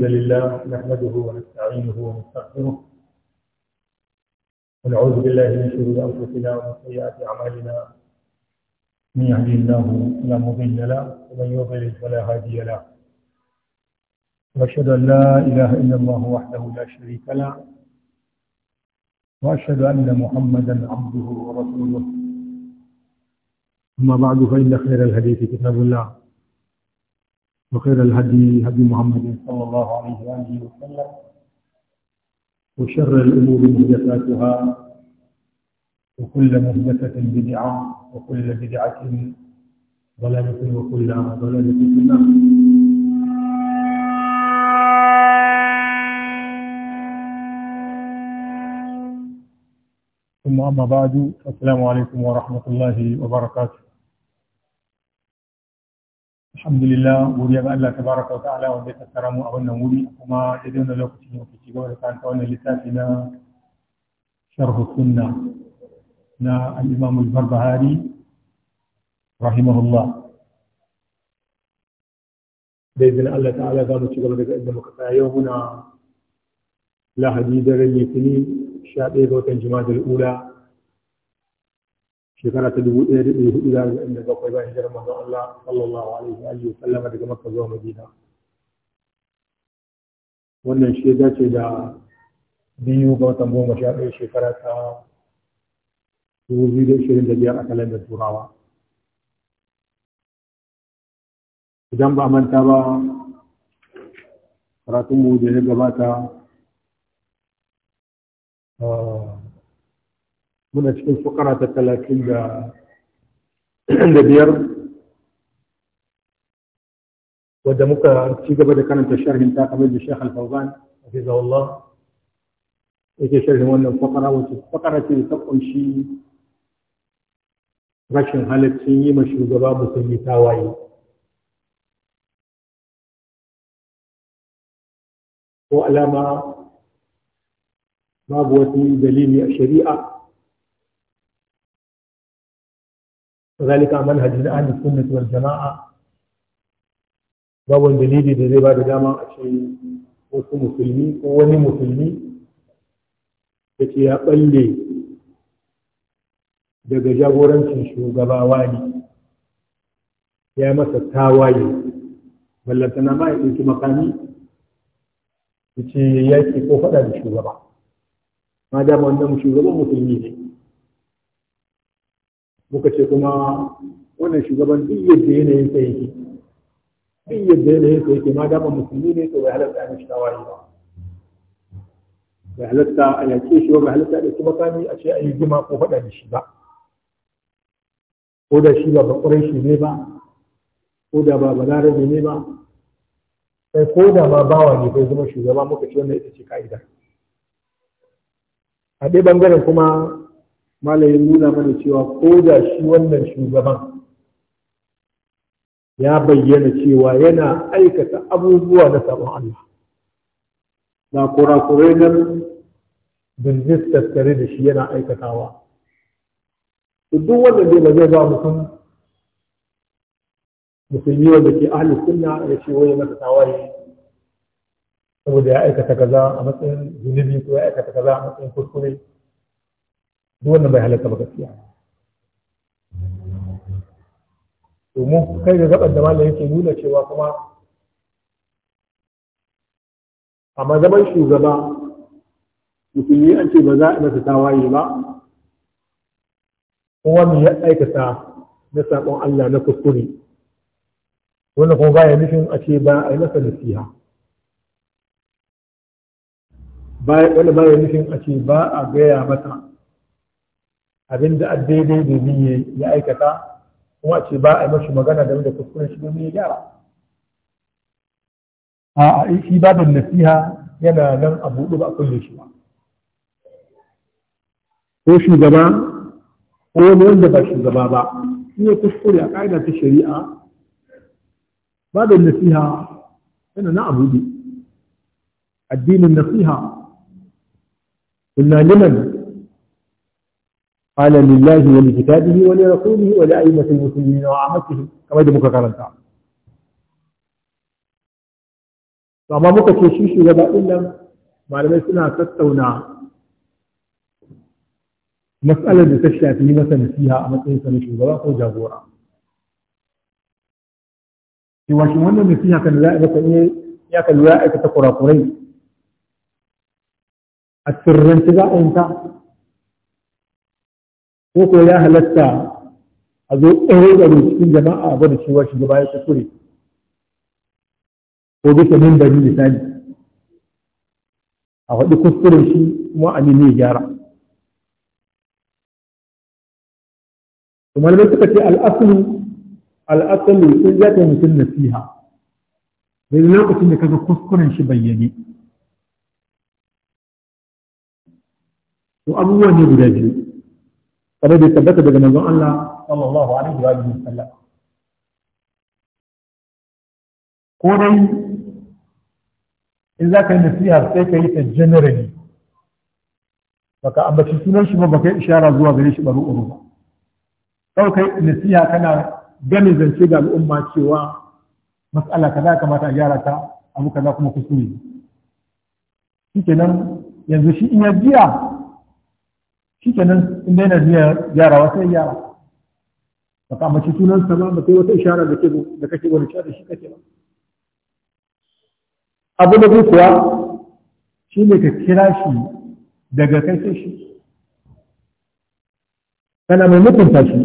الحمد لله نحمده ونستعينه ونستغفره ونعوذ بالله من شرور انفسنا ومن سيئات اعمالنا من يهدي الله فلا مضل له ومن يضلل فلا هادي له واشهد ان لا اله الا الله وحده لا شريك له واشهد ان محمدا عبده ورسوله اما بعد فان خير الحديث كتاب الله وخير الهدي هدي محمد صلى الله عليه وآله وسلم وشر الأمور محدثاتها وكل محدثة بدعة وكل بدعة ضلالة وكل ضلالة في النار ثم أما بعد السلام عليكم ورحمة الله وبركاته alhamdulillah godiya ga Allah tabaraka wa ta'ala wanda ya tattara mu a wannan wuri kuma daidai wannan lokaci ne ci gaba da karanta wannan littafi na sharh sunna na al-imam al-barbahari rahimahullah da izinin Allah ta'ala za mu ci gaba daga inda muka tsaya yau muna lahadi da rai litini 11 ga watan jima'a da ula shekara ta dubu ɗaya da ɗari hudu da arba'in da bakwai bayan hijirar manzon Allah sallallahu alaihi wa alihi sallama daga Makka zuwa Madina wannan shi ya dace da biyu ga watan goma sha ɗaya shekara ta dubu biyu da ashirin da biyar a kalandar turawa idan ba manta ba karatunmu da ya gabata uh, من في الفقرة الثلاثية عند بير ودمك في قبل كان انت الشرح انت قبل الشيخ الفوزان حفظه الله ايش الشرح هو الفقرة وفي الفقرة التي تقوم شيء رشن حالة سيني مشروع جواب سيني تاوائي وعلى ما ما بوتي دليل الشريعه وذلك منهج أهل السنة والجماعة babu dalili da zai ba da dama a ce wasu musulmi ko wani musulmi yake ya balle daga jagorancin shugabawa ne ya masa tawaye ballantana ma ya ɗauki makami da ce yaki ko faɗa da shugaba ma dama wannan shugaban musulmi ne muka ce kuma wannan shugaban duk yadda yanayin sa yake duk yadda yanayin sa yake ma dama musulmi ne to bai halatta a shiga tawaye ba bai halatta a yaƙe shi ba bai halatta da kuma kami a ce a yi jima ko faɗa da shi ba ko da shi ba ƙurai shi ne ba ko da ba balarabe ne ba sai ko da ma bawa ne bai zama shugaba muka ce wannan ita ce ka'ida a ɗaya bangaren kuma malayin nuna mana cewa ko da shi wannan shugaban ya bayyana cewa yana aikata abubuwa na sabon Allah na kurakurai nan business tattare da shi yana aikatawa duk wanda dai ba zai ba mutum musulmi wanda ke ahli sunna ya ce wai masa tawaye saboda ya aikata kaza a matsayin zunubi ko ya aikata kaza a matsayin kuskure duk bai halatta ba gaskiya domin kai ga gaban da malam yake nuna cewa kuma amma zaman shugaba musulmi ya ce ba za a masa tawaye ba Kuma mai ya aikata na saƙon Allah na kuskure wanda kuma baya nufin a ce ba a yi masa nasiha wanda baya nufin a ce ba a gaya mata abin da daidai domin ya aikata kuma ce ba a yi mashi magana da wanda kuskuren shi domin ya gyara a shi babin nasiha yana nan a buɗe ba a kulle shi ba ko shugaba ko wani wanda ba shugaba ba in ya kuskure a ƙa'ida ta shari'a babin nasiha yana nan a buɗe addinin nasiha kullaliman قال لله ولكتابه ولرسوله ولأئمة المسلمين وعامتهم كما يجب أن تعالى فما مكة يشيش لبا إلا ما لم يسنها تستونا مسألة تشتع في مثلا فيها أما تنسى نشوذرا أو جابورا في واشي مهنة من فيها كان لائبة إيه يأكل لائبة قرى قرين السرين تبا إنت ko ko ya halatta a zo ɗaya da cikin jama'a ba da cewa shugaba ya kuskure ko bisa mimbari misali a faɗi kuskuren shi kuma a nemi gyara to malamai ce al'asali al'asali sun ya ta mutum nasiha da lokacin da kaga kuskuren shi bayyane to abubuwa ne guda biyu kamar bai tabbata daga manzon Allah sallallahu alaihi wa sallam ko dai in za ka yi nasiha sai ka yi ta generally baka ambaci sunan shi ba baka yi ishara zuwa gare shi baro uru ba kawai kai nasiha kana gane zance ga al'umma cewa mas'ala kaza kamata a gyara ta abu kaza kuma kuskure shikenan yanzu shi in ya shi kenan in daina biya gyarawa sai yara, ba ka mace sunansa ba ba kai wata ishara da ke da kake wani cewa da shi kake ba abu da kuwa shi ne ka kira shi daga kai sai shi kana mai mutunta shi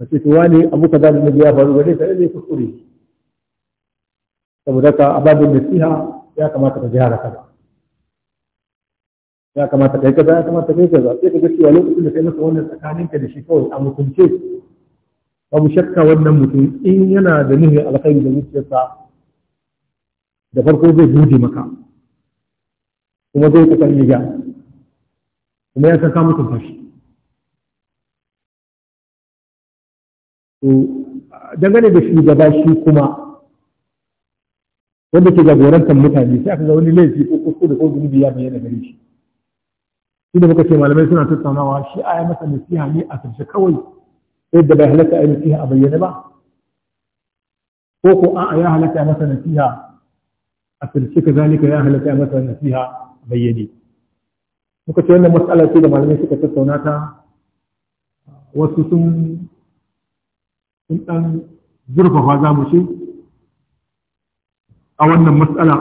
a ce to wani abu ka zaɓi na biya faru gare ka eh, zai kuskure saboda ka ababin nasiha ya kamata ka gyara ka ya kamata kai kaza ya kamata kai kaza sai ka ga cewa lokacin da kai masa wannan tsakaninka da shi kawai a mutunce babu shakka wannan mutum in yana da nihin alkhairi da zuciyarsa da farko zai gode maka kuma zai kusan ya kuma ya san ka mutunta shi dangane da gaba shi kuma wanda ke jagorantar mutane sai aka ga wani laifi ko da ko zunubi ya bayyana gare shi shi da muka ce malamai suna tattaunawa shi a yi masa nasiha ne a karshe kawai yadda bai halatta a yi nasiha a bayyane ba ko ko a ya halatta a masa nasiha a karshe ka zalika ya halatta a masa nasiha a bayyane muka ce wannan matsala ce da malamai suka tattauna ta wasu sun sun dan zurfafa za mu ce a wannan matsala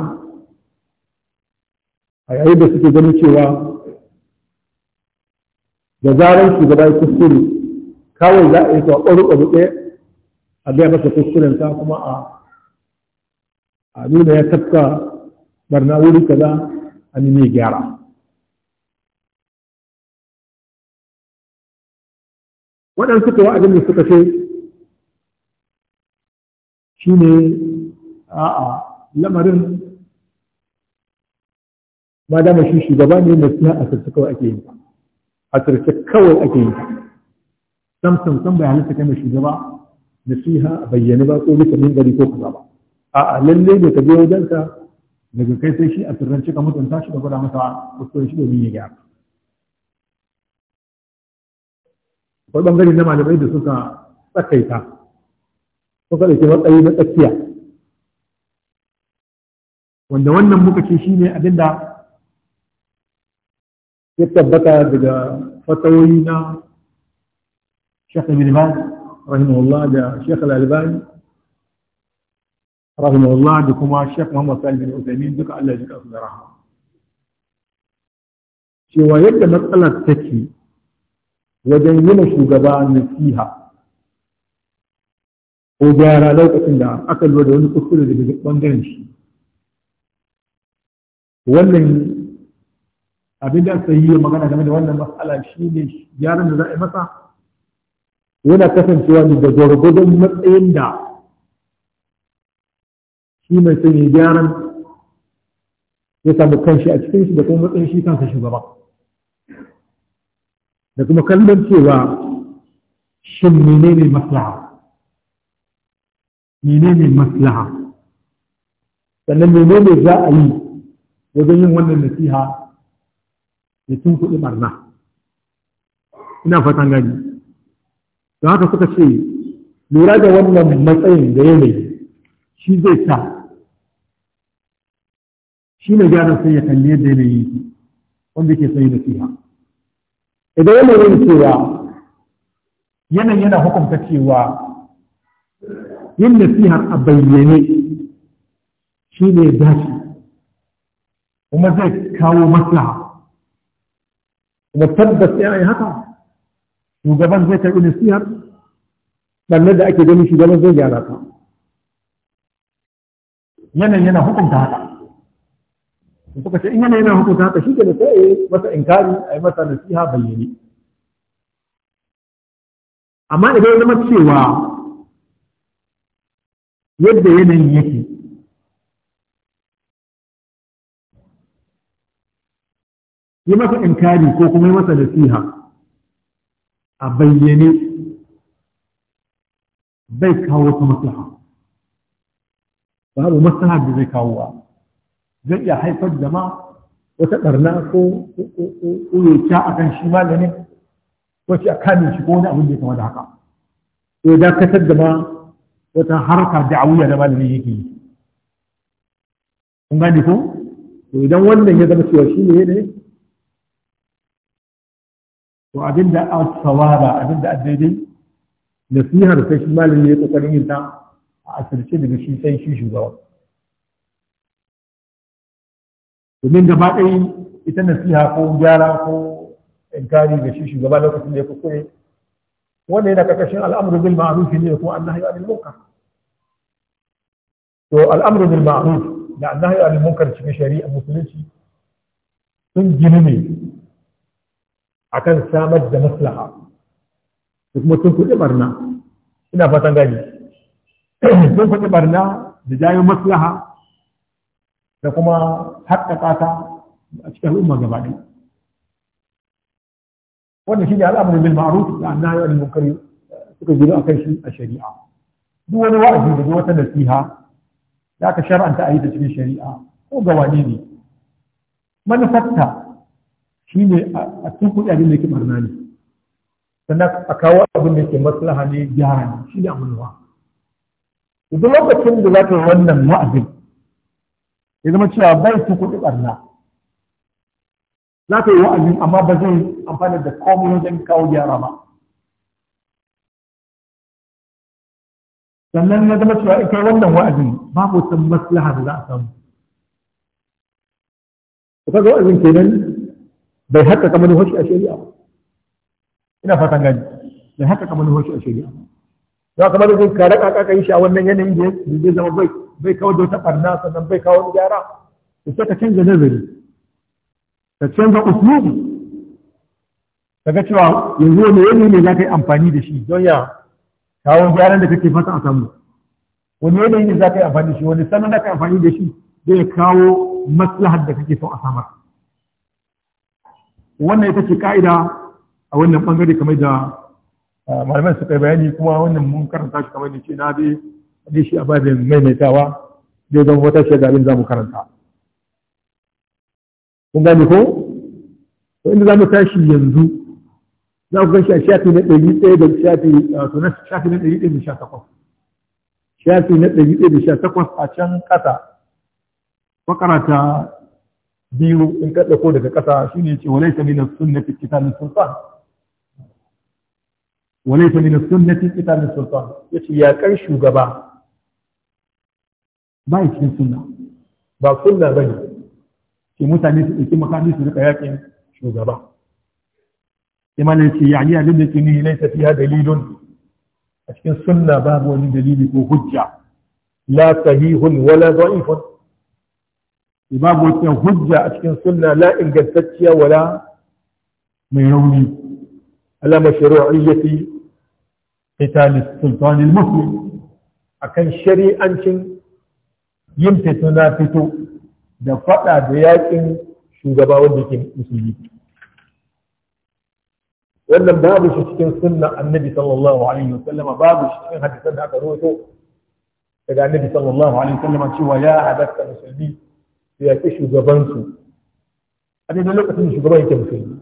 a yayin da suke ganin cewa da zarar shugaba gaba kuskure kawai za a yi ta ƙwaro ƙwaro ɗaya a biya masa kuskuren ta kuma a nuna ya tafka barna wuri kaza a nime gyara waɗansu suka abin da suka ce shi ne a'a lamarin ma dama shi shugaba ne na suna a kawai ake yin ba a kawai ake yi Samson sam sam bai halitta kai mai shugaba nasiha a bayyane ba ko bisa min gari ko kaza ba a'a lalle da ka je wajen ka daga kai sai shi a turanci ka mutunta shi da gwada masa kuskure shi domin ya gyara akwai gari na malamai da suka tsakaita suka ke matsayi na tsakiya wanda wannan muka ce shi ne abinda ya tabbata daga fatawoyi na Sheikh Ibn Baz rahimahullah da Sheikh Al-Albani rahimahullah da kuma Sheikh Muhammad Salih bin Uthaymeen duka Allah ya jika su da rahama cewa yadda matsalar take wajen yi ma shugaba nasiha ko gyara lokacin da aka lura da wani kuskure daga bangaren shi wannan abin da sai yi magana game da wannan matsala shi ne gyaran da za a yi masa yana kasancewa ne da gwargwadon matsayin da shi mai sanya gyaran ya samu kanshi a cikin shi da kuma matsayin shi kansa shugaba da kuma kallon cewa shin menene maslaha menene maslaha sannan menene za a yi wajen yin wannan nasiha ya kuɗi barna ina fatan gani don haka suka ce lura da wannan matsayin da ya yanayi shi zai sa shi ne gyara sai ya kalli yadda yanayi wanda ke sai nasiha idan yana yin cewa yanayi yana hukunta cewa yin nasiha a bayyane shi ne dace kuma zai kawo maslaha da tabbas ya yi haka shugaban zai karɓi nasihar ɓannar da ake gani shugaban zai gyara ta Yanayin yana hukunta haka kuka ce in yana yana hukunta haka shi ke da sai yi masa inkari a yi masa nasiha bayyane amma idan ya zama cewa yadda yanayin yake yi masa inkari ko kuma yi masa nasiha a bayyane bai kawo wata maslaha babu maslaha da zai kawo wa zai iya haifar da ma wata ɗarna ko ya a kan shi malami ko shi a kamin shi ko wani abin da ya kama da haka to dakatar da ma wata harka da awuya da malamin yake yi kun gane ko idan wannan ya zama cewa shi ne ne to abinda a sawaba abinda a daidai nasihar sai shi malami ya kokarin yin ta a asirce daga shi sai shi shugaba domin gaba ɗaya ita nasiha ko gyara ko inkari ga shi shugaba lokacin da ya kuskure wanda yana ƙarƙashin al'amru bil ma'ruf ne ko annahi anil munkar to al'amru bil ma'ruf da annahi anil munkar cikin shari'a musulunci sun gini ne akan samar da maslaha da kuma tun kuɗi barna ina fatan gani tun kuɗi barna da jayo maslaha da kuma haƙƙaƙa ta a cikin al'umma gaba ɗaya wannan shi ne al'amarin bil ma'ruf da annahi wal munkari suka akan shi a shari'a duk wani wa'azi da wata nasiha da aka shar'anta a yi ta cikin shari'a ko ga ne manufarta shi ne a cikin kuɗi abin da yake barna ne sannan a kawo abin da yake maslaha ne gyara ne shi ne amurwa idan lokacin da za ka yi wannan wa'azin ya zama cewa bai kuɗi barna za ka yi wa'azin amma ba zai amfani da komai wajen kawo gyara ba sannan ya zama cewa ita wannan wa'azin babu wata maslaha da za a samu. Ka ga wa'azin kenan bai haƙaƙa manuhoshi a shari'a ina fatan gani bai haƙaƙa manuhoshi a shari'a za ka bada zai kare kaka kai shi a wannan yanayin da zai zama bai bai kawo da wata barna sannan bai kawo gyara ka sai ka canza nazari ka canza uslubi ga cewa yanzu wani yanayi ne za ka yi amfani da shi don ya kawo gyaran da kake fata a samu wani yanayi ne za ka yi amfani da shi wani sanar da ka amfani da shi zai kawo maslahar da kake so a samar wannan ita ce ka'ida a wannan bangare kamar da malaman su kai bayani kuma wannan mun karanta shi kamar da ce na bi ne shi a babin maimaitawa zai zama wata shi abin za mu karanta kun gane ko ko inda za mu tashi yanzu za ku gashi a shafi na ɗari ɗaya da shafi a na shafi na ɗari ɗaya da sha takwas shafi na ɗari ɗaya da sha takwas a can ƙasa fakara ta biyu in ka ɗauko daga ƙasa shi ne ce walai ta minas sunnati kitabin sultan walai ta minas sunnati kitabin sultan ya ce yaƙar shugaba ba yi cikin sunna ba sunna ba ne ke mutane su ɗauki makami su rika yaƙin shugaba imana ce ya yi alin da ke ni laisa ha dalilun a cikin sunna babu wani dalili ko hujja la sahihun wala da'ifun babu wata hujja a cikin sunna la ingantacciya wala mai rauni alama shari'iyyati qitalis sultani al-muslim akan shari'ancin yin fito na fito da fada da yakin shugaba wanda yake musulmi wannan babu shi cikin sunna annabi sallallahu alaihi wasallama babu shi cikin hadisan da aka rawaito daga annabi sallallahu alaihi wasallama cewa ya hadatta musulmi su yaƙi shugabansu a daidai lokacin da shugaban yake musulmi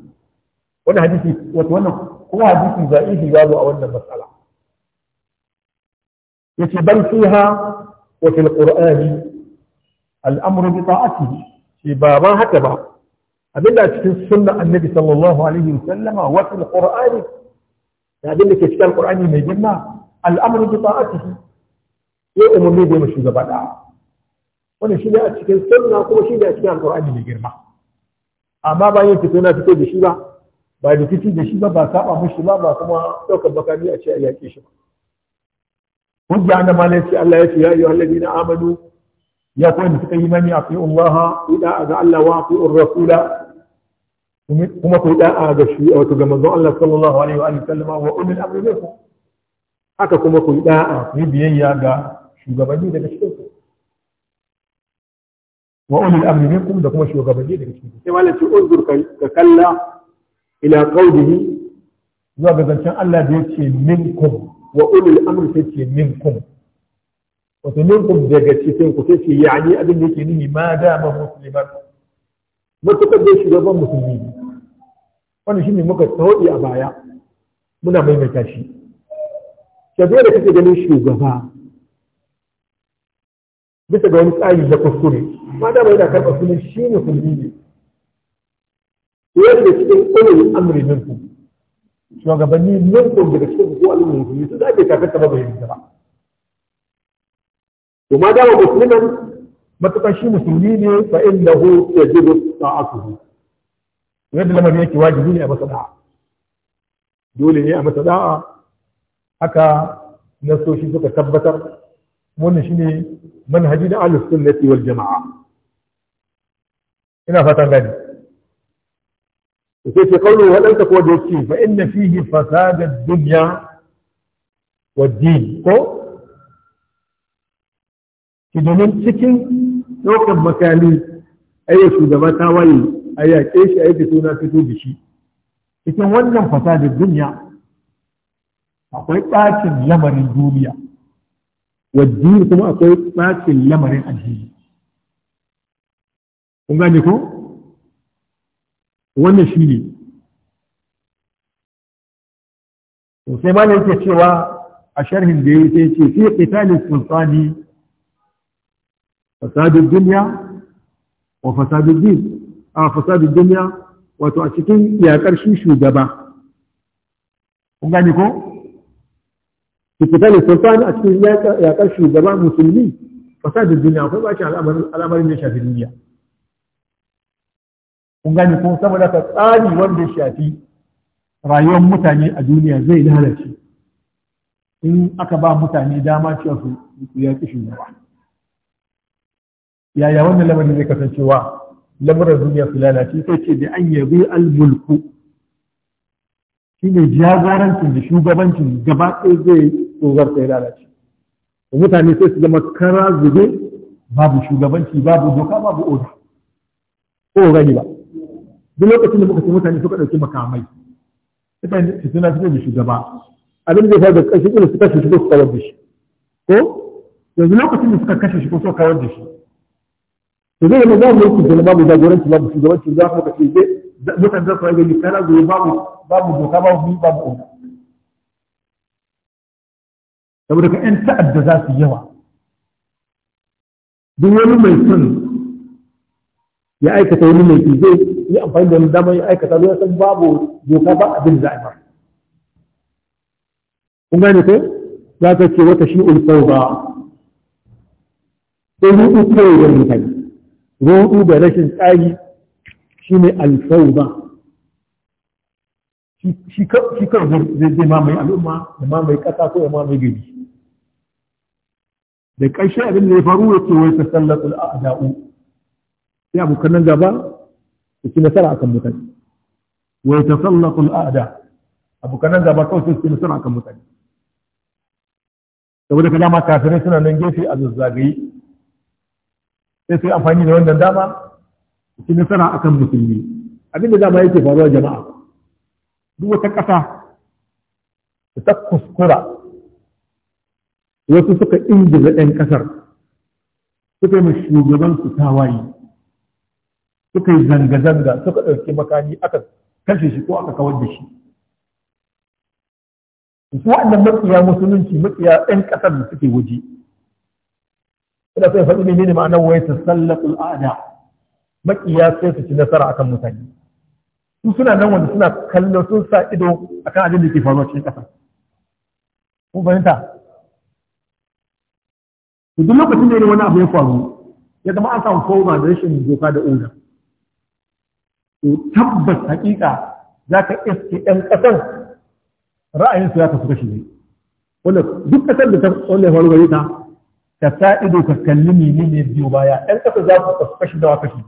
wannan hadisi wato wannan kuma hadisi ba ihi babu a wannan matsala yace bal fiha wa fil qur'ani al'amru bi ta'atihi shi ba ban haka ba abinda cikin sunna annabi sallallahu alaihi wa sallama wa fil qur'ani da abinda ke cikin qur'ani mai girma al'amru bi ta'atihi ya umurni da shugaba da Wani shi ne a cikin sunna kuma shi ne a cikin alƙur'ani mai girma amma ba yin fito na fito da shi ba ba da fito da shi ba ba saba mishi ba ba kuma ɗaukar bakami a ce a yaƙe shi ba hujja na malai ce Allah ya ce ya ayyuhal ladina amanu ya kuma da suka yi mani a fi'un laha ku da'a ga Allah wa fi'un rasula kuma ku da'a ga shi wato ga manzon Allah sallallahu alaihi wa sallama wa ulil amri minkum haka kuma ku da'a ku biyayya ga shugabanni daga cikin wa ulil amri minkum da kuma shugabanni daga cikin sai malaka unzur ka kalla ila qawlihi zuwa ga zancen Allah da yake minkum wa ulil amri sai ce minkum wato minkum daga cikin ku sai ce yani abin da yake nuni ma dama musliman mutukar da shugaban musulmi wannan shine muka taudi a baya muna maimaita shi da kake ganin shugaba bisa ga wani tsari da kuskure ma dama yana karɓar sunan shi ne kulli ne yadda cikin kulli amri minku shugabanni nan ko daga cikin ko al'umma musulmi su da kafin ta babu bai ba to ma dama musulman matuƙar shi musulmi ne fa ta yajibu hu yadda lamarin yake wajibi ne a masa da'a dole ne a masa da'a haka nasoshi suka tabbatar wannan shine manhaji na ahlus sunnati wal jamaa ina fatan gani sai ce kaulu ko da yake fa inna fihi fasada dunya wad ko ki domin cikin ɗaukar makali ayyar shugaba ta waye a yaƙe shi a yadda suna fito da shi cikin wannan fasadar duniya akwai ɗakin lamarin duniya waddini kuma akwai ɓacin lamarin addini kun gane ko wannan shi ne sai ma yake cewa a sharhin da ya yi sai ce fi qitalin sultani fasadin duniya wa fasadin din a fasadin duniya wato a cikin iyakar shi shugaba kun gane ko sun sultani a cikin yakar shugaba musulmi fasadin duniya akwai bacin al'amarin ya shafi duniya kun gani ko saboda ka tsari wanda shafi rayuwar mutane a duniya zai lalace in aka ba mutane dama cewa su yaƙi shugaba yaya wannan lamarin zai kasancewa lamuran duniya su lalace sai ce da an yabi al-mulku shi ne jagorancin da shugabancin gaba ɗaya zai ta sai lalace mutane sai su zama kara zube babu shugabanci babu doka babu oda ko gani ba duk lokacin da muka ce mutane suka ɗauki makamai suka yi suna suka da shugaba abin da ya da ƙarshe ƙulu suka kashe shi ko suka da shi ko yanzu lokacin da suka kashe shi ko suka da shi to zai zama mu yi jana babu jagoranci babu shugabanci za mu ka ce zai mutane za su rage kara zube babu babu doka babu yi babu oda saboda ka 'yan ta'adda za su yawa duk wani mai son ya aikata wani mai ki zai yi amfani da wani damar ya aikata don san babu doka ba abin za a ba kun gane kai za ka ce wata shi ulfau ba sai rudu kawai da mutane ruɗu da rashin tsari shine alfau ba shi kan zai mamaye al'umma da mamaye ƙasa ko ya mamaye gari da ƙarshe abin da ya faru ya ce wai ta a'da'u sai abokan nan gaba su ci nasara akan mutane wai ta a'da abokan nan gaba kawai su ci nasara akan mutane saboda ka dama kafirai suna nan gefe a zazzagaye sai sai amfani da wannan dama su ci nasara akan musulmi abin da dama yake faruwa jama'a duk wata ƙasa da ta kuskura wasu suka ingiza ɗan ƙasar suka yi ma shugaban su tawaye suka yi zanga-zanga suka ɗauki makami aka kashe shi ko aka kawar da shi su waɗannan matsiya musulunci matsiya ɗan ƙasar da suke waje ina sai faɗi ne ma'anar wai ta sallatul ada maƙiya sai su ci nasara akan mutane su suna nan wanda suna kallon sun sa ido kan abin da ke faruwa cikin ƙasa kun fahimta to duk lokacin da irin wani abu ya faru ya zama an samu koma da rashin doka da oda to tabbas hakika za ka iske ɗan ƙasar su ya kasu kashi ne wanda duk ƙasar da ta ya faru gari ta ta sa ido ka kalli ne biyu baya ɗan ƙasar za ku kasu kashi da kashi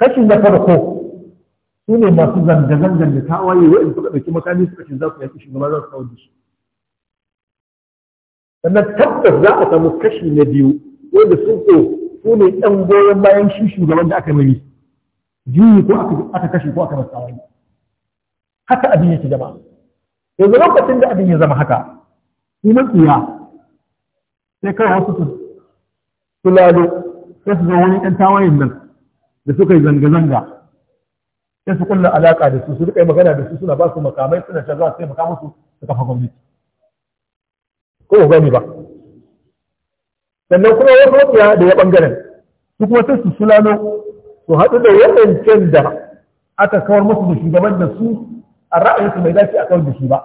kashi na farko su ne masu zanga-zangar da tawaye wa'in suka ɗauki makami suka ce za su yaƙi shugaba za su kawar da shi sannan tabbas za a samu kashi na biyu wanda sun ko su ne ɗan goyon bayan shi shugaban da aka mari juyi ko aka kashe ko aka rasa wani haka abin yake jama'a yanzu lokacin da abin ya zama haka shi matsiya sai kawai wasu su lalo sai su zo wani ɗan tawayen nan da suka yi zanga-zanga sai su kulla alaka da su su rika magana da su suna ba su makamai suna ta za su taimaka musu su kafa gwamnati ko gani ba sannan kuma wasu mafiya da ya bangaren su kuma sai su sulano su haɗu da waɗancan da aka kawar musu da shugaban da su a ra'ayinsu mai dace a kawar da shi ba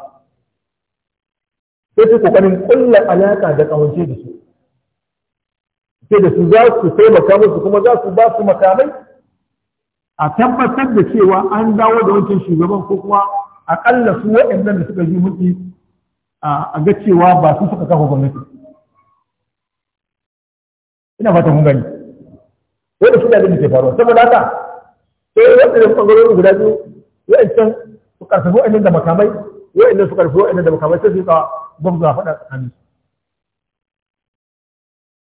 sai su kokarin kulla alaka da kawance da su sai da su za su taimaka musu kuma za su ba su makamai a tabbatar da cewa an dawo da wancan shugaban ko kuma aƙalla su waɗannan da suka ji mutu a ga cewa ba su suka kafa gwamnati ina fata mun gani wanda su da ke faruwa saboda haka sai waɗannan ɓangarorin guda biyu waɗancan su karfafi waɗannan da makamai waɗannan su karfafi waɗannan da makamai sai su yi tsawa gwamnati a faɗa tsakanin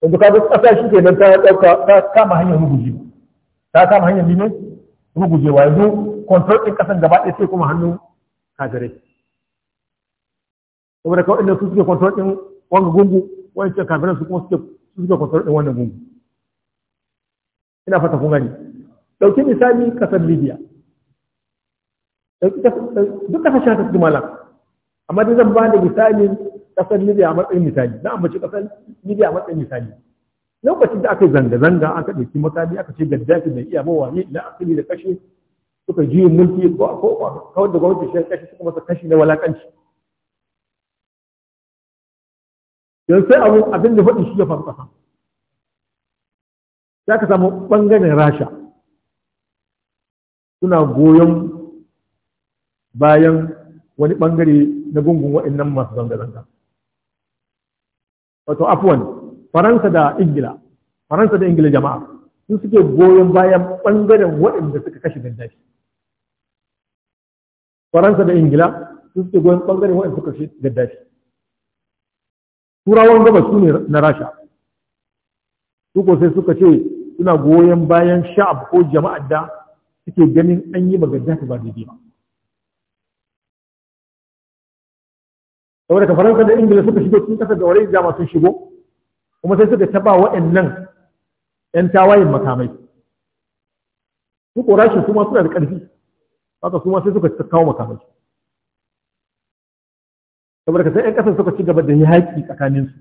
yanzu ka ga ƙasa shi ke nan ta kama hanyar rubuji ta kama hanyar ne rugujewa yanzu control ɗin ƙasan gaba ɗaya sai kuma hannun kafirai saboda kawai inda su suke control ɗin wanga gungu wancan kafirai su kuma suke su suke control ɗin wannan gungu ina fata kun gani ɗauki misali ƙasar libya duk ƙasashen haka su jimala amma dai zan ba da misali ƙasar libya a matsayin misali na amince ƙasar libya a matsayin misali lokacin da aka zanga-zanga aka ɗauki makami aka ce gaddafi mai iya mawa ne na asali da kashe suka ji mulki ko kawai da gwamnati shi kashe suka masa kashi na walakanci don sai abin da faɗi shi ya faru ƙasa Ya ka samu ɓangaren rasha suna goyon bayan wani ɓangare na gungun waɗannan masu zanga-zanga wato afuwan faransa da ingila faransa da ingila jama'a sun suke goyon bayan ɓangaren waɗanda suka kashe gaddafi faransa da ingila sun suke goyon ɓangaren waɗanda suka kashe gaddafi turawan gaba su ne na rasha su ko sai suka ce suna goyon bayan sha'ab ko jama'a da suke ganin an yi magaddafi ba daidai ba saboda ka faransa da ingila suka shigo cikin kasar da wani dama sun shigo kuma sai suka taba waɗannan ‘yan tawayen makamai su ƙorashi kuma suna da ƙarfi haka kuma sai suka kawo makamai saboda sai ‘yan ƙasar suka ci gaba da yaƙi tsakaninsu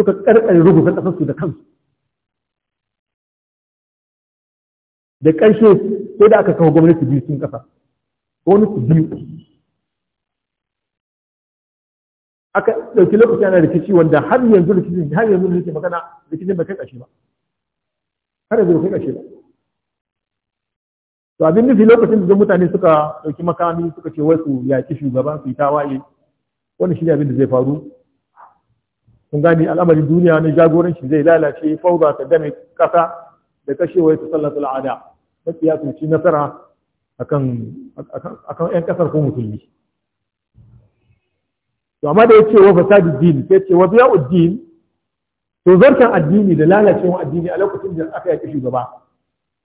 suka ƙarƙare rubuta ƙasarsu da kansu da ƙarshe sai da aka kawo gwamnati biyu cikin ƙasa gwamnati biyu aka ɗauki lokaci ana rikici wanda har yanzu rikicin har yanzu rikicin magana rikicin bai kai ƙarshe ba har yanzu bai kai ƙarshe ba to abin nufi lokacin da mutane suka ɗauki makami suka ce wai su yaƙi shugaba su yi tawaye wannan shi ne abin da zai faru kun gani al'amarin duniya na jagoranci zai lalace fauza ta dame ƙasa da kashewar su sallatul al'ada mafiya sun ci nasara akan 'yan ƙasar ko musulmi to amma da ya ce wa fasadu din sai ce wa biya'ud din to zartan addini da lalacewa addini a lokacin da aka yaki shugaba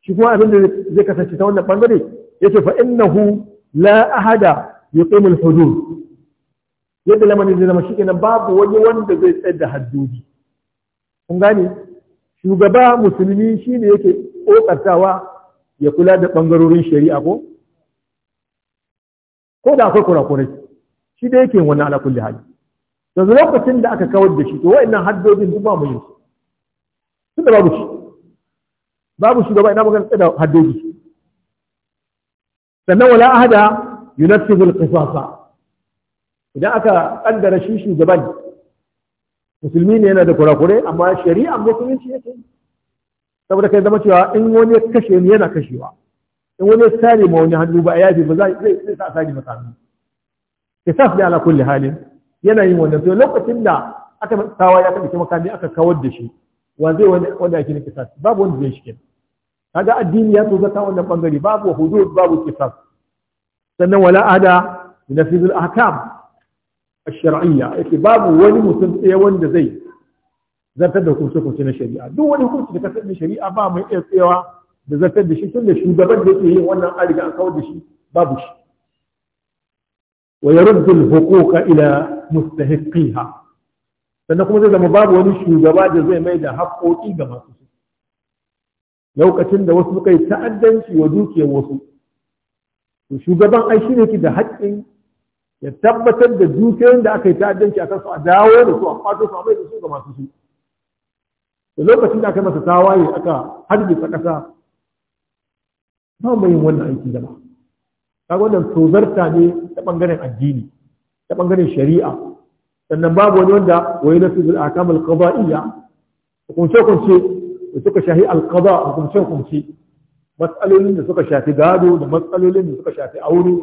shi kuma abin da zai kasance ta wannan bangare Ya ce fa innahu la ahada yuqimu al-hudud yadda lamarin zai zama shi kenan babu wani wanda zai tsayar da haddodi kun gane shugaba musulmi shine yake kokartawa ya kula da bangarorin shari'a ko ko da akwai kurakurai shi da yake wani ala kulli hali yanzu lokacin da aka kawar da shi to wa'annan haddodin duk ba mu yi tunda babu shi babu shi gaba ina magana tsada haddobi. sannan wala ahada yunaffizul qisasa idan aka kaddara shi gaban, musulmi ne yana da kurakure amma shari'a musulunci yake saboda kai zama cewa in wani ya kashe ni yana kashewa in wani ya sare ma wani hannu ba a yafi ba zai sa sare masa hannu kisas ne ala kulli halin yana yin wannan to lokacin da aka tawa ya kaɗi makami aka kawar da shi wa zai wanda ake ne kisas babu wanda zai shi kaga addini ya ta wannan bangare babu hudud babu kisas sannan wala ada yunafizul ahkam ash-shar'iyya yake babu wani mutum tsaye wanda zai zartar da hukunce na shari'a duk wani hukunci da ka shari'a ba mai iya tsayawa da zartar da shi tun da shugaban da yake yin wannan an riga an kawar da shi babu shi wa yaruddu al-huquqa ila mustahiqiha sannan kuma zai zama babu wani shugaba da zai mai da haƙoƙi ga masu su lokacin da wasu suka yi ta'addanci wa dukiyar wasu to shugaban ai shine ki da haƙƙin ya tabbatar da dukiyoyin da aka yi ta'addanci a kansu a dawo da su a kwato su a mai da su ga masu su da lokacin da aka masa tawaye aka hargitsa ƙasa ba mai yin wannan aiki da ba kaga wannan tozarta ne ta bangaren addini ta bangaren shari'a sannan babu wani wanda wai na fizil akam alqada'iyya hukunce hukunce da suka shafi al-ƙawwa alqada hukunce hukunce matsalolin da suka shafi gado da matsalolin da suka shafi aure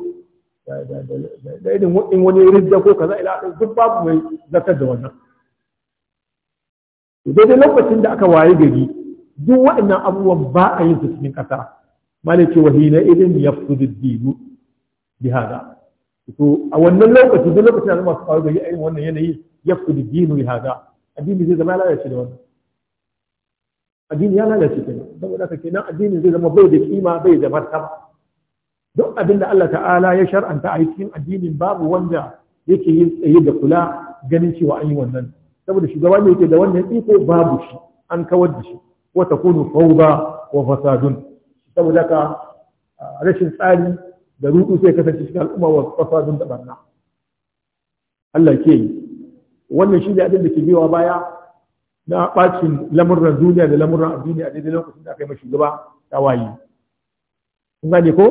da irin in wani ridda ko kaza ila duk babu mai zartar da wannan daidai lokacin da aka waye gari duk waɗannan abubuwan ba a yin su cikin ƙasa malaki wahina irin ya fi dinu bi hada to a wannan lokaci duk lokacin al'umma su faru gari a irin wannan yanayi ya fi dinu ya haza addini zai zama lalace da wannan addini ya lalace kenan saboda haka kenan addini zai zama bai da kima bai da martaba duk abin da Allah ta'ala ya shar'anta a cikin addinin babu wanda yake yin tsaye da kula ganin cewa an yi wannan saboda shugaba ne yake da wannan iko babu shi an kawar da shi wa takunu fawda wa fasadun saboda ka rashin tsari da rudu sai kasance cikin al'umma wa fasadun da barna Allah ke yi wannan shi ne abin da ke biyowa baya na bacin lamurran duniya da lamurran addini a daidai lokacin da aka yi mashi gaba tawayi kun gane ko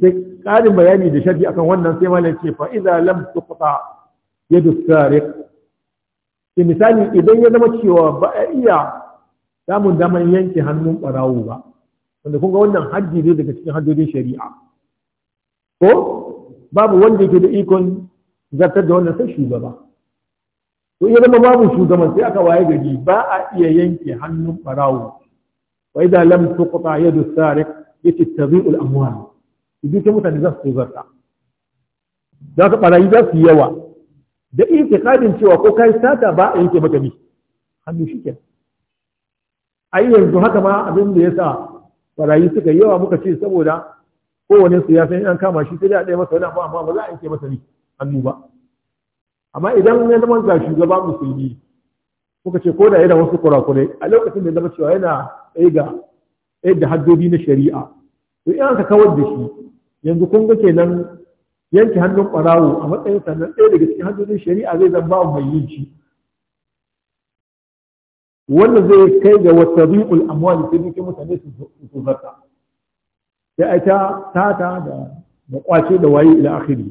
sai karin bayani da shafi akan wannan sai malam ce fa idza lam tuqta yadu sariq ki misali idan ya zama cewa ba a iya samun damar yanke hannun barawo ba wanda kun ga wannan hajji ne daga cikin haddodin shari'a ko babu wanda yake da ikon zartar da wannan sai shugaba to iya zama babu shugaban sai aka waye gari ba a iya yanke hannun barawo wa idza lam tuqta yadu sariq tabi'u al-amwal idan ka mutane za su zarta za ka barayi za su yawa da itikadin cewa ko kai sata ba a yanke maka ni hannu ke ai yanzu haka ma abin da yasa barayi suka yawa muka ce saboda kowane su ya san an kama shi sai da masa wani abu amma ba za a yanke masa ni hannu ba amma idan ya zama ga shugaba musulmi kuka ce ko da yana wasu kurakurai a lokacin da zama cewa yana tsaye ga yadda haddodi na shari'a to in aka kawar da shi yanzu kun ga kenan yanke hannun ɓarawo a matsayin sannan ɗaya daga cikin haddodin shari'a zai zama ba mai yin shi wannan zai kai ga wata riƙul amwali sai dukkan mutane su zarta sai ai ta tata da da kwace da waye ila akhiri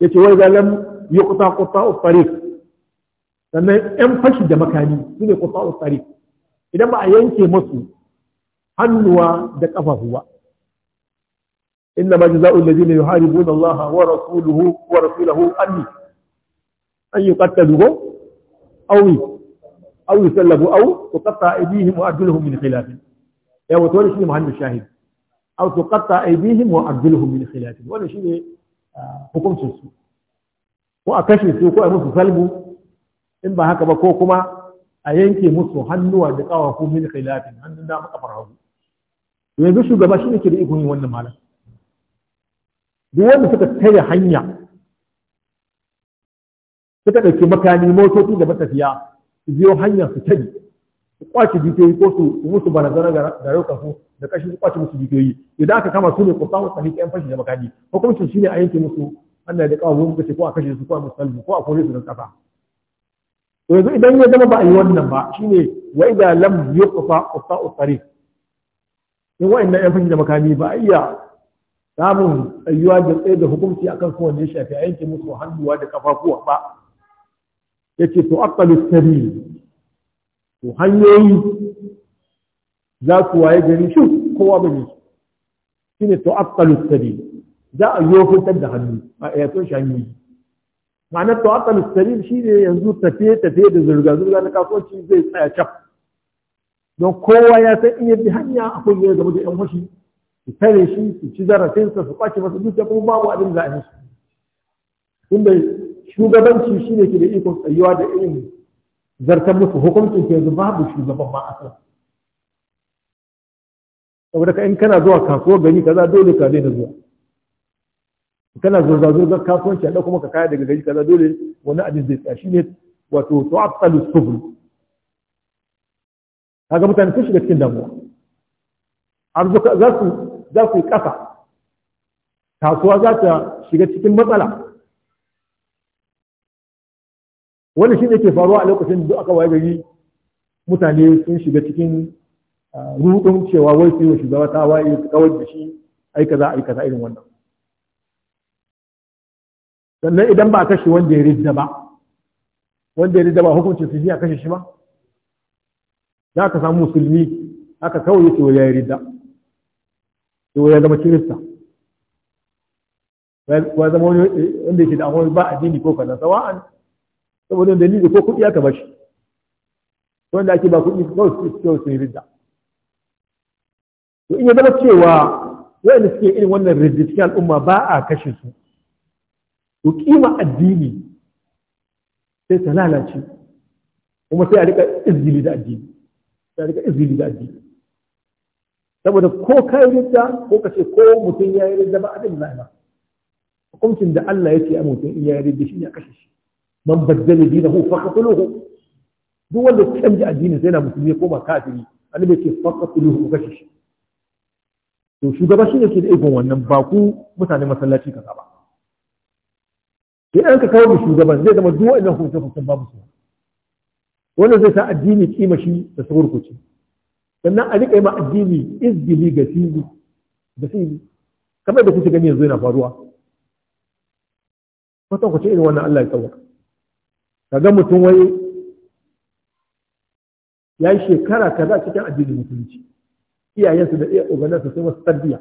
yace wai ga lam yuqta qata'u tariq sannan yan fashi da makani sune qata'u tariq idan ba a yanke musu hannuwa da kafafu ba inna ma jazaa'u alladhina yuharibuna Allah wa rasuluhu wa rasulahu an an yuqatalu aw aw yusallabu aw tuqatta aydihim wa arjuluhum min khilaf ya wato shi muhammad shahid aw tuqatta aydihim wa arjuluhum min khilaf wannan shine hukuncin su ko a kashe su ko a musu salmu, in ba haka ba ko kuma a yanke musu hannuwa da kawafu min khilaf hannun da makafar hagu yanzu shugaba shine ke da ikon wannan malam duk wanda suka taya hanya suka ɗauki makami motoci da matafiya su biyo hanya su tare su kwace dukiyoyi ko su musu barazana ga rayuwar su da kashi su kwace musu dukiyoyi idan aka kama su ne ko samu sahihi yan fashi da makami hukuncin shine a yanke musu Allah da kawo mun ce ko a kashe su ko a musalmu ko a kore su da kafa to yanzu idan ya zama ba a yi wannan ba shine wa idza lam yuqfa qata'u tariq in inna yan fashi da makami ba a iya samun tsayuwa da tsaye da hukunci akan kowanne ya shafi a yanke musu hannuwa da kafafuwa ba yace to aqalu sabil to hanyoyi za su waye gari shi kowa ba ne shi ne to akalu za a yi yofintar da hannu a yakin shi hanyoyi ma'anar to akalu shi ne yanzu tafiye-tafiye da zirga-zirga na kasuwanci zai tsaya cap don kowa ya san in yadda hanya akwai ya zama da yan fashi su tare shi su ci zarafinsa su kwace masa dukiya kuma babu abin za a yi shi tunda shugabanci shi ne ke da ikon tsayuwa da irin zartar musu hukuncin ke babu shugaban ma a kan saboda ka in kana zuwa kasuwar gari kaza dole ka daina zuwa kana zurga zurga kasuwanci da kuma ka kaya daga gari kaza dole wani abin zai tsashi ne wato tu'attalu subul kaga mutane sun shiga cikin damuwa arzuka za su za su yi kasa kasuwa za ta shiga cikin matsala Wani shi ne ke faruwa a lokacin da aka waye gari mutane sun shiga cikin rudun cewa wai su yi shugaba ta waye su kawar da shi ai kaza ai kaza irin wannan sannan idan ba a kashe wanda ya ridda ba wanda ya ridda ba hukuncin su shi a kashe shi ba za ka samu musulmi haka kawai yake wani ya yi ridda to ya zama kirista ya zama eh, wanda yake da akwai ba addini ko kaza sawa'an saboda dalili ko kuɗi aka bashi wanda ake ba kuɗi ko su yi ridda to in ya zama cewa wa'anda suke irin wannan ridda al'umma ba a kashe su to kima addini sai ta lalace kuma sai a rika izgili da addini sai a rika izgili da addini saboda ko kai ridda ko kace ko mutum ya yi ridda ba a za'a ba hukuncin da Allah ya ce a mutum in ya yi ridda shi ne a kashe shi man baddala dinahu faqatluhu duk wanda ya canja addinin sai na musulmi ko ba kafiri annabi ce faqatluhu ku kashe shi to shugaba shine ke da ikon wannan ba ku mutane masallaci kaza ba sai an ka kawo da shugaban zai zama duk ku tafi hukuncen babu su wannan zai sa addini kima shi da saurkuci sannan a rika yi ma addini izbili ga fili da fili kamar da kuke gani yanzu yana faruwa ku ci irin wannan Allah ya tsawaka kaga mutum wai ya yi shekara kaza cikin addinin musulunci iyayensu da iya ubanansa sun wasu tarbiyya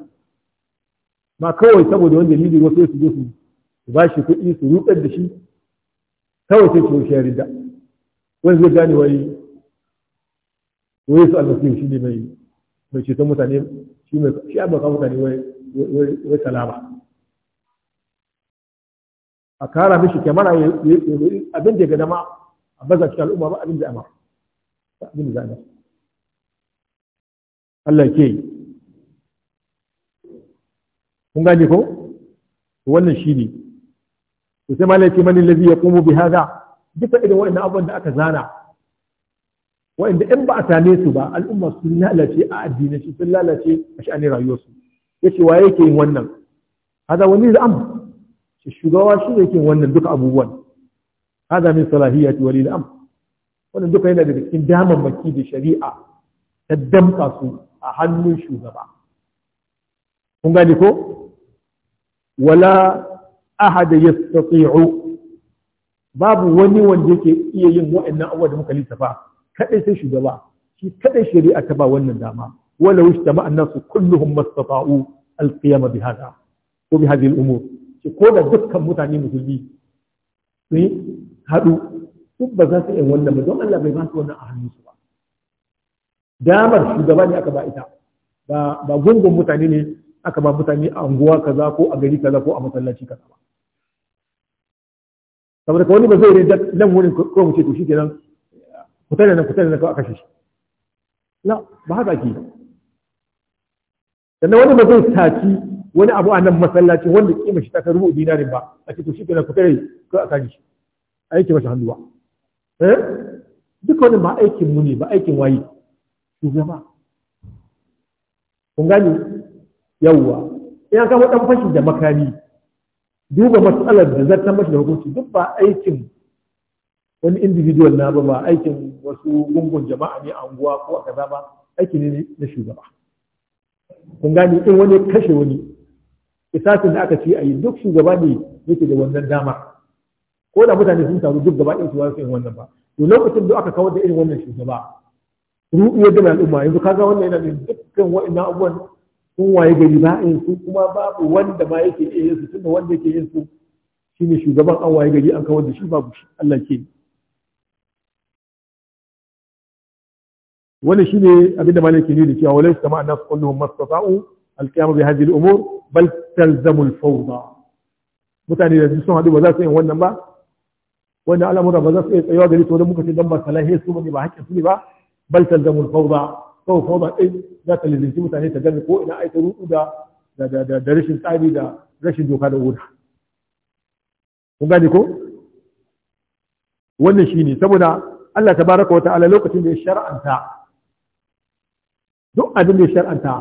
ma kawai saboda wanda lili wasu su zo su ba shi kuɗi su rutsar da shi kawai sai su shi yarda wani zai gane wai wai su almasihu shi ne mai mai ceton mutane shi mai shi mutane wai salama a kara mishi kyamara ya yi abin da ya gada ma a baza cikin al'umma ba abin da ya ma abin da ya Allah ke yi kun gane ko wannan shi ne to sai malai ce mani lafi ya komo bi haza duka irin wa'annan abubuwan da aka zana da in ba a same su ba al'umma sun lalace a addinin sun lalace a sha'anin rayuwarsu ce wa yake yin wannan hada wani za'am shugaba shi ne ke wannan duka abubuwan hada min ci walil am wannan duka yana daga cikin damammaki da shari'a ta damka su a hannun shugaba kun gane ko wala ahada yastati'u babu wani wanda yake iya yin wa'annan abubuwa da muka lissafa kadai sai shugaba shi kadai shari'a ta ba wannan dama wala wajtama an-nasu kulluhum mastata'u al-qiyam bi hada ko bi hadhihi al-umur shi ko da dukkan mutane musulmi su yi haɗu duk ba za su yi wannan ba don Allah bai ba su wannan a hannun su ba damar shugaba ne aka ba ita ba ba gungun mutane ne aka ba mutane a unguwa kaza ko a gari kaza ko a masallaci kaza ba saboda ka wani ba zai rinda nan wani ko mu ce to shikenan ku tare nan ku tare nan kawai aka shi la ba haka ke sannan wani ba zai taci wani abu a nan masallaci wanda kima shi ta kai rubu dinarin ba a cikin shi kenan ku tare ko a kaji shi aiki masa hannuwa eh duk wani ba aikin mu ne ba aikin waye shugaba kun gani yawwa ina kama dan fashi da makami duba matsalar da zartan mashi da hukunci duk ba aikin wani individual na ba ba aikin wasu gungun jama'a ne a unguwa ko a kaza ba aiki ne na shugaba kun gani in wani kashe wani isasin da aka ce a yi duk shugaba ne yake da wannan dama ko da mutane sun taru duk gaba ɗaya su wasu wannan ba to lokacin da aka kawar da irin wannan shugaba ruɗu da al'umma yanzu kaga wannan yana da dukkan wa'annan abubuwan sun waye gari ba a su kuma babu wanda ma yake iya yin su tunda wanda yake yin su shine shugaban an waye gari an kawar da shi babu shi Allah ke wannan shine abinda malai ne da cewa walaysa sama annas kulluhum mastata'u al bi hadhihi al'umur bal talzamul fawda mutane da sun haɗu ba za su yi wannan ba wannan al'amura ba za su iya tsayawa gari to da muka ce dan ba salahi su ba hakkin su ne ba bal talzamul fawda to fawda din za ta lizinci mutane ta gani ko ina aika rudu da da rashin tsari da rashin doka da oda kun gane ko wannan shine saboda Allah tabaraka wa ta'ala lokacin da ya shar'anta duk abin da ya shar'anta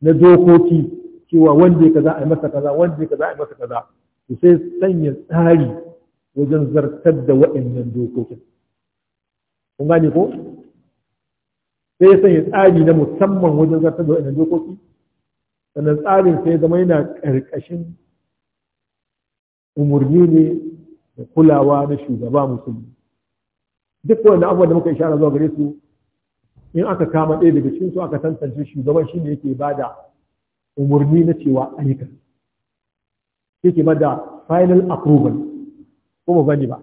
na dokoki cewa wanda ya za a masa kaza wanda ya za a masa kaza to sai sanya tsari wajen zartar da waɗannan dokokin kun gane ko sai sanya tsari na musamman wajen zartar da waɗannan dokoki sannan tsarin sai zama yana ƙarƙashin umarni ne da kulawa na shugaba musulmi duk wanda abubuwan da muka ishara zuwa gare su in aka kama ɗaya daga cikin su aka tantance shugaban shi ne yake bada umarni na cewa ayyuka yake ba da final approval ko ba gani ba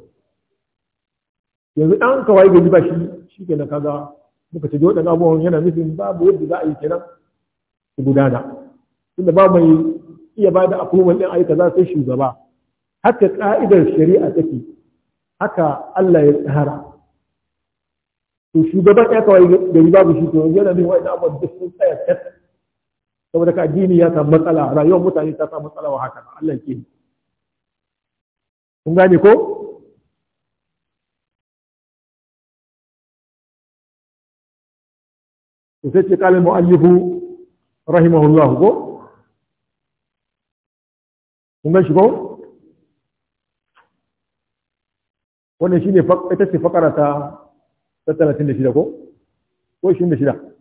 yanzu ɗan kawai gani ba shi shi ke na kaza muka ce jodan abubuwan yana nufin babu yadda za a yi kenan su gudana tunda ba mai iya ba da approval ɗin ayyuka za sai shugaba haka ƙa'idar shari'a take haka Allah ya tsara to shugaban ya kawai gani babu shi to yana nufin wa'ina abubuwan duk sun tsaya saboda ka addini ya samu matsala rayuwar mutane ta samu matsala wa haka Allah ke kun gane ko to sai ce kalin mu'allifu rahimahullah ko kun ga shi ko wannan shine ita ce fakara ta 36 ko ko 26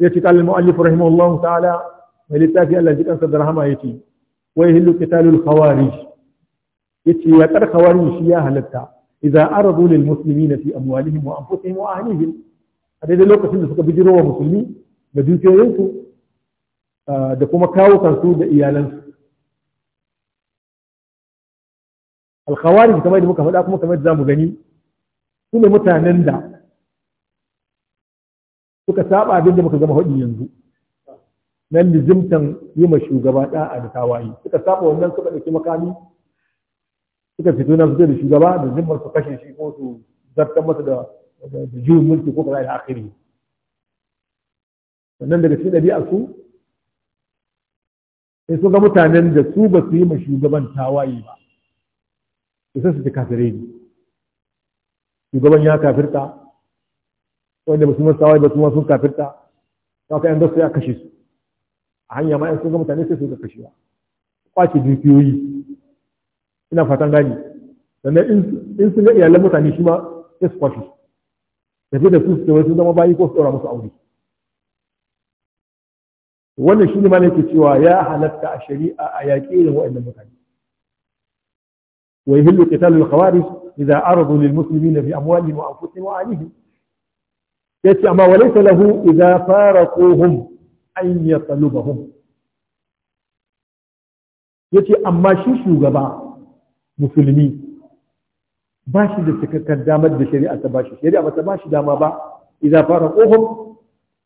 ya ce kalal mu'allif Allah ta'ala mai littafi Allah jikan sa da rahama ce wai yahillu qitalul khawarij yace ya kar khawarij shi ya halatta idza aradu lil muslimina fi amwalihim wa anfusihim wa ahlihim a daidai lokacin da suka bijiro wa musulmi da dukiyoyinsu da kuma kawo kansu da iyalansu Alkhawari kamar da muka faɗa kuma kamar da zamu gani su ne mutanen da suka saba abin da muka gama hudu yanzu nan lizimtan yi ma shugaba ɗa'a da tawaye suka saba wannan suka ɗauki makami suka fito na fito da shugaba da zimmar su kashe shi ko su zartar masa da juyin mulki ko kaza da akhiri sannan daga cikin ɗabi'a su sai sun ga mutanen da su ba su yi ma shugaban tawaye ba sai su ta kafirai ne shugaban ya kafirta wanda musulman su masu tawaye ba su masu kafirta ta ka yanzu sai ya kashe su a hanya ma sun ga mutane sai su ga kashewa kwace dukiyoyi ina fatan gani sannan in sun ga iyalan mutane shi ma sai su kwashe tafi da su su wai sun zama bayi ko su ɗora musu aure wannan shi ne ma yake cewa ya halatta a shari'a a yaƙi irin waɗannan mutane wa yahillu qitalul khawarij idza aradu lil muslimina fi amwalihim wa anfusihim wa yace amma laysa lahu idza faraquhum an yatlubahum yace amma shi shugaba musulmi ba shi da cikakken damar da shari'a ta bashi shari'a ba ta bashi dama ba idza faraquhum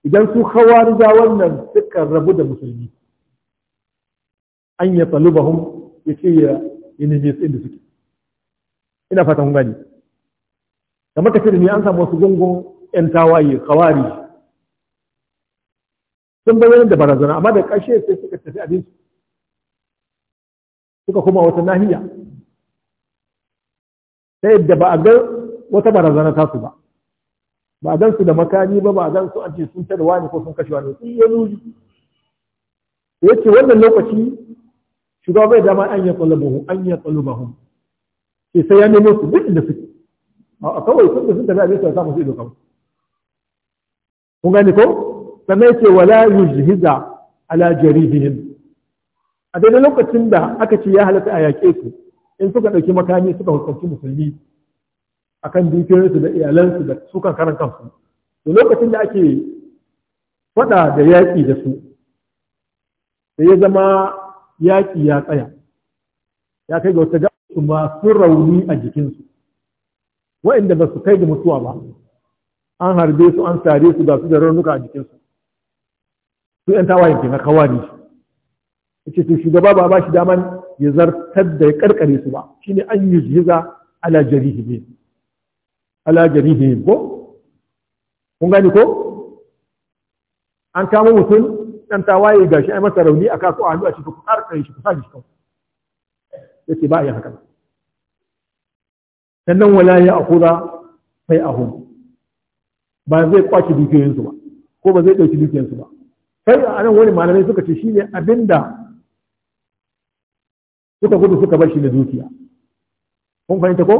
idan su khawarija wannan suka rabu da musulmi an yatlubahum yace ya inda suke ina fata kun gani kamar kace da ni an samu wasu gungun 'yan tawaye kawari sun bayyana da barazana amma da ƙashe sai suka tafi abin suka kuma wata nahiya ta yadda ba a ga wata barazana ta su ba ba a gan su da makani ba ba a gan su an ce sun tarwa wani ko sun kashe wani sun yi nuji ya ce wannan lokaci shugaba bai dama an ya tsalubahu an yi tsalubahu sai sai ya nemo su duk inda suke a kawai sun da sun tafi abin su ya samun su ido kawai kun gani ko sannan ce wala yujhiza ala jarihihim a daidai lokacin da aka ce ya halatta a yaƙe su in suka ɗauki makami suka hukunci musulmi akan dukiyarsu da iyalansu da kan karan kansu to lokacin da ake faɗa da yaƙi da su sai ya zama yaƙi ya tsaya ya kai ga wata ga masu rauni a jikinsu wa'inda ba su kai da mutuwa ba an harbe su an sare su ga su da raunuka a jikinsu su yan tawayen ke na kawari yace to shugaba ba ba shi daman ya zartar da ya karkare su ba ne an yi jiza ala ne? ala ne ko kun gani ko an kama mutum dan tawaye gashi ai masa rauni a kasu a hannu a cikin kusar kai shi sa shi kawai yace ba a yi haka sannan wala ya akuza sai ahum ba zai kwace dukiyoyinsu ba ko ba zai ɗauki dukiyoyinsu ba kai a nan wani malamai suka ce shine abinda suka gudu suka bar shi da dukiya kun fahimta ko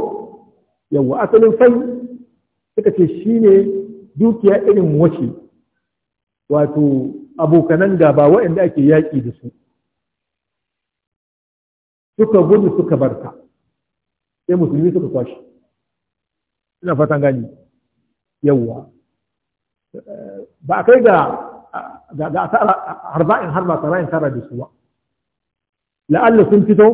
yawa asalin fai suka ce shine dukiya irin wace wato abokanan gaba waɗanda ake yaƙi da su suka gudu suka barka sai musulmi suka kwashi ina fatan gani yawa ba a kai ga harba'in arba'in har ba sara'in tara da su ba la'alla sun fito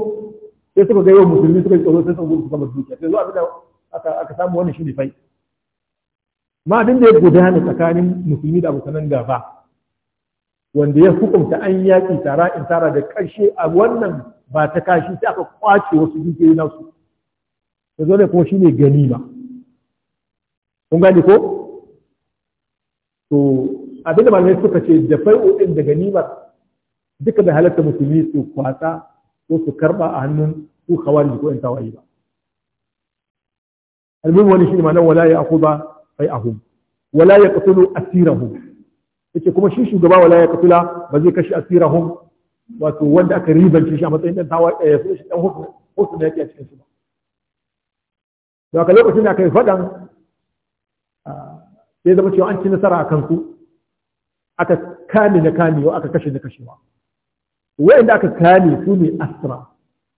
sai suka ga yau musulmi suka yi tsoro sai sun gudu kamar dukiya sai zuwa abin da aka samu wannan shine fai ma abin da ya gudana tsakanin musulmi da abokanan gaba wanda ya hukunta an yaƙi tara in tara da ƙarshe a wannan ba ta kashi sai aka kwace wasu dukiyoyi nasu ya zo da kuma shine ganima kun gane ko to abinda malamai suka ce da fai'o din da ganimar duka da halatta musulmi su kwasa ko su karba a hannun su kawai ko yan tawayi ba almuhim wani ne ma'anar wala ya akuba fai'ahum wala ya qatulu asirahum yace kuma shi shugaba wala ya qatula ba zai kashe asirahum wato wanda aka ribance shi a matsayin dan tawayi eh dan hukunci hukunci da yake cikin su ba to a lokacin da aka yi fadan sai zama cewa an ci nasara a kanku? aka kame na kamewa aka kashe na kashewa wa'anda aka kame su ne astra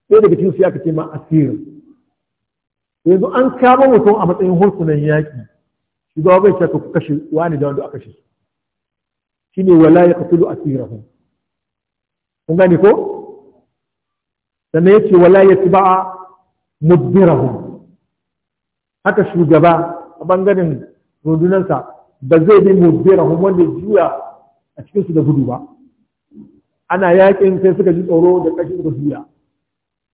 sai daga cikin su ya kace ma asir yanzu an kama mutum a matsayin hulkunan yaƙi shi ba bai shaka ku kashe wani da wanda aka kashe shi ne wala ya katulu asirahu kun gane ko sannan ya ce wala ya tiba'a mudbirahu haka shugaba a bangaren rundunansa ba zai bi mubirahum wanda juya a cikin su da gudu ba ana yakin sai suka ji tsoro da kashi suka juya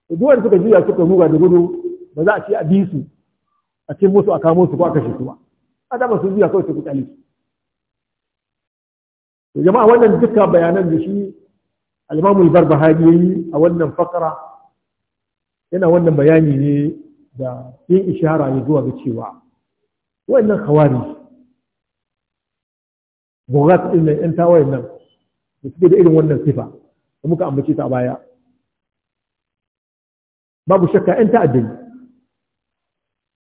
to suka juya suka ruga da gudu ba za a ce a bi su a ce musu a kamo su ko a kashe su ba a da su juya kawai su kutale jama'a wannan duka bayanan da shi alimamul bar yayi a wannan fakara yana wannan bayani ne da yin ishara ne zuwa ga cewa wannan hawari bugat ɗin nan ‘yan tawayen nan da suke da irin wannan sifa da muka ambace ta a baya babu shakka ‘yan ta'addin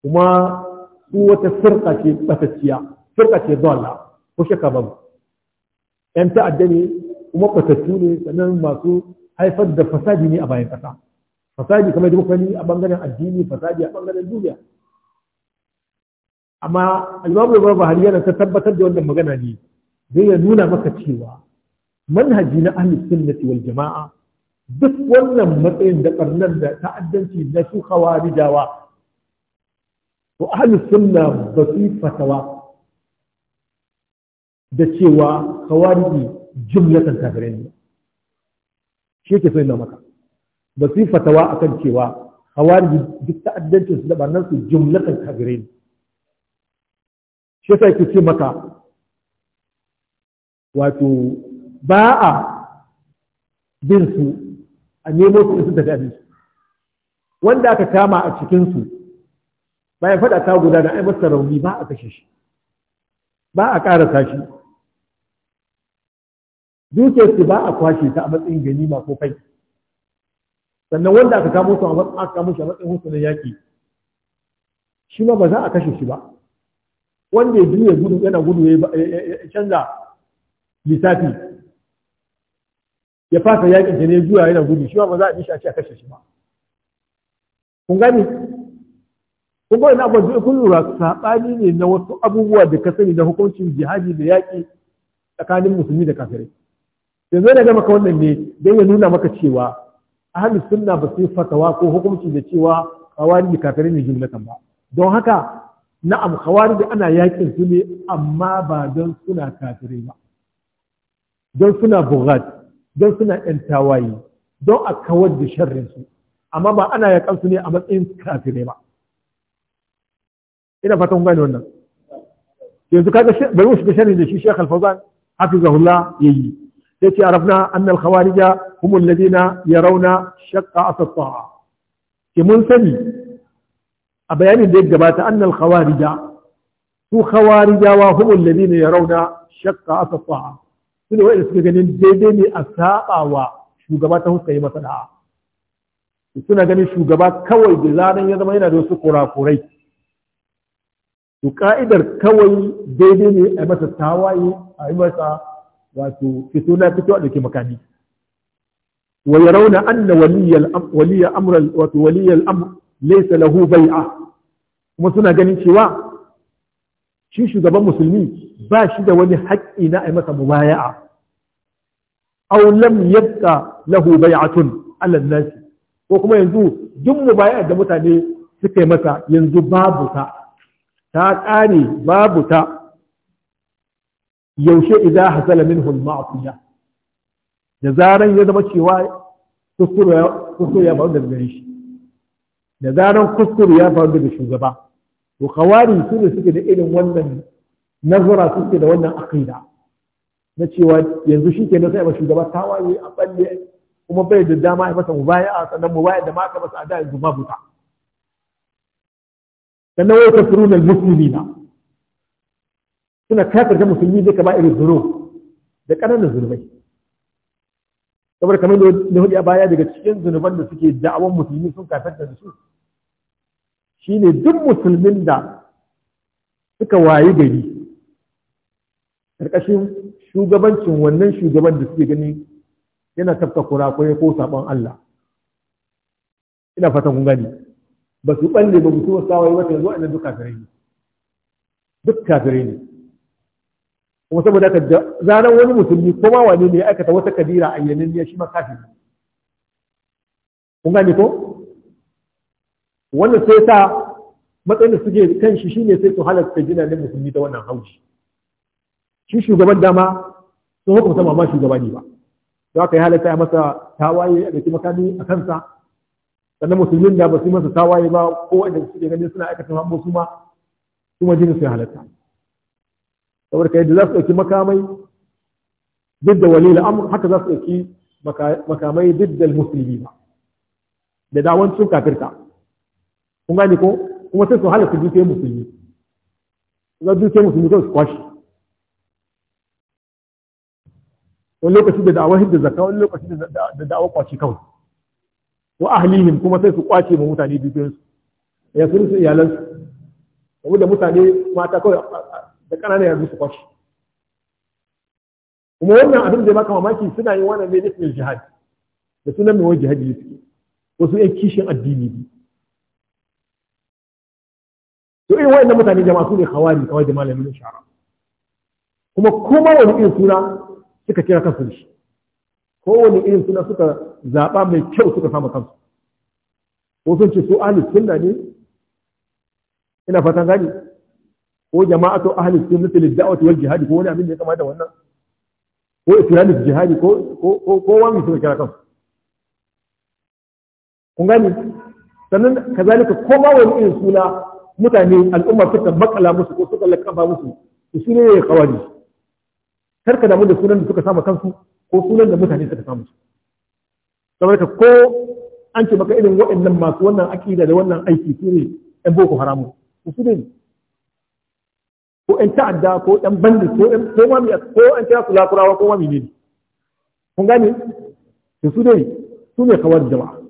kuma su wata firka ce batacciya firka ce dole ko shakka babu ‘yan ta'adda ne kuma batattu ne sannan masu haifar da fasadi ne a bayan ƙasa fasadi kamar da muka a bangaren addini fasadi a bangaren duniya amma al-imamu ba barbahari yana ta tabbatar da wannan magana ne zai ya nuna maka cewa manhaji na ahlus sunnati wal jama'a duk wannan matsayin da barnar da ta'addanci na su khawarijawa to ahli sunna ba su fatawa da cewa khawariji jumlatan kafirai ne shi yake so yana maka ba su fatawa akan cewa khawariji duk ta'addancin su da barnar su jumlatan kafirai ne shi sai yake ce maka wato ba a bin su a nemo su sun tafi abinci wanda aka kama a cikinsu bayan faɗa ta guda da ai masa rauni ba a kashe shi ba a ƙarasa dukiyar su ba a kwashe ta a matsayin ganima ko kai sannan wanda aka kamo su a matsayin hukunan yaƙi shi ma ba za a kashe shi ba wanda ya juya gudu yana gudu ya canza lissafi ya fasa yakin ta ne zuwa yana gudu shi ba za a bi shi a ce a kashe shi ba kun gani kun gani na abubuwa kun lura sabani ne na wasu abubuwa da ka sani na hukuncin jihadi da yaƙi tsakanin musulmi da kafirai yanzu yana gama ka wannan ne don ya nuna maka cewa ahli sunna ba su fatawa ko hukunci da cewa kawari da kafirai ne jimlatan ba don haka na'am khawarij ana yakin su ne amma ba don suna kafirai ba don suna bugat don suna yan tawaye don a kawar da sharrin su amma ba ana yakan su ne a matsayin kafirai ba ina fatan gane wannan yanzu kaga bari mu shiga sharri da shi Sheikh Al-Fawzan hafizahullah yayi yace arafna anna al-khawarij hum alladhina yarawna shaqqa as-ta'a ke mun sani a bayanin da ya gabata annal khawarija su khawarijawa humul ya rauna shakka asafa su ne wanda suka ganin daidai ne a sabawa shugaba ta huska yi masa da'a suna ganin shugaba kawai da zaran ya zama yana da wasu kurakurai Su ka'idar kawai daidai ne a masa tawaye a yi masa wato fito na fito a dake makami wa yarawna anna waliyal waliyal amr wato waliyal amr laisa lahu bai'a kuma suna ganin cewa shi shugaban musulmi ba shi da wani haƙƙi na a masa mubaya'a aw lam yabqa lahu bai'atun ala nas ko kuma yanzu duk mubaya'a da mutane suka yi masa yanzu babu ta ta ƙare babu ta yaushe idan hasala minhu al da zaran ya zama cewa kuskure ya faru daga shi da zaran kuskure ya faru daga shugaba to kawari su ne suke da irin wannan nazara suke da wannan aqida na cewa yanzu shi ke nasa a shugaba ta waye a balle kuma bai da dama ya masa mubaya'a sannan mubaya'a da ma aka masa ada yanzu babu ta sannan wai kafirun na, muslimina suna da musulmi zai kama irin zuru da ƙananan zunubai saboda kamar da hudu a baya daga cikin zunuban da suke da'awan musulmi sun kafirta da su shine duk musulmin da suka wayi gari ƙarƙashin shugabancin wannan shugaban da suke gani yana tafka kurakurai ko saɓon Allah ina fatan kun gani ba su ɓalle ba mutuwa sawayi wata yanzu annan duk kafirai ne duk kafirai ne kuma saboda ka zanen wani musulmi ko ma wani ne ya aikata wata a yanin ne shi ma kafin kun gane ko wannan sai sa matsayin da suke kan shi shine sai su halatta ne musulmi ta wannan haushi shi shugaban dama sun hukunta ma ma shugaba ne ba za ka yi halatta ya masa tawaye a ɗauki makami a kansa sannan musulmin da ba su masa tawaye ba ko wanda suke ganin suna aikata hambo su ma su ma jinin su halatta saboda kai da za su ɗauki makamai duk da walil amr haka za su ɗauki makamai duk da musulmi ba da dawancin kafirta kun gane ko kuma sai su halaka dukiyar musulmi na dukiyar musulmi sai su kwashi wani lokaci da da'awar hidda zakka wani lokaci da da'awar kwashi kawai wa ahlihim kuma sai su kwace ma mutane dukiyarsu ya sun su iyalansu da mutane mata kawai da ƙananan yanzu su kwashi kuma wannan abin da ya baka mamaki suna yin wannan ne nufin jihad da sunan mai wani jihadi ne suke wasu yan kishin addini ne to irin wayannan mutane jama'a su ne hawari kawai da malamin shara kuma kuma wani irin suna suka kira kansu shi Ko wani irin suna suka zaɓa mai kyau suka samu kansu sun ce su ahli sunna ne ina fatan gani ko jama'a to ahli sunnati ta da'wati wal jihad ko wani abin da ya kama da wannan ko islamu jihad ko ko ko wani suka kira kansu kun gani sannan kazalika ko ma wani irin suna mutane al'umma suka makala musu ko suka lakaba musu su shi ne kawari kar ka damu da sunan da suka samu kansu ko sunan da mutane suka samu su saboda ko an ce maka irin waɗannan masu wannan aƙida da wannan aiki su ne ɗan boko haramu su su ne ko ɗan ta'adda ko ɗan bandi ko ɗan ko mami ko an kira su lakurawa ko mami ne kun gane su su ne su ne kawar jama'a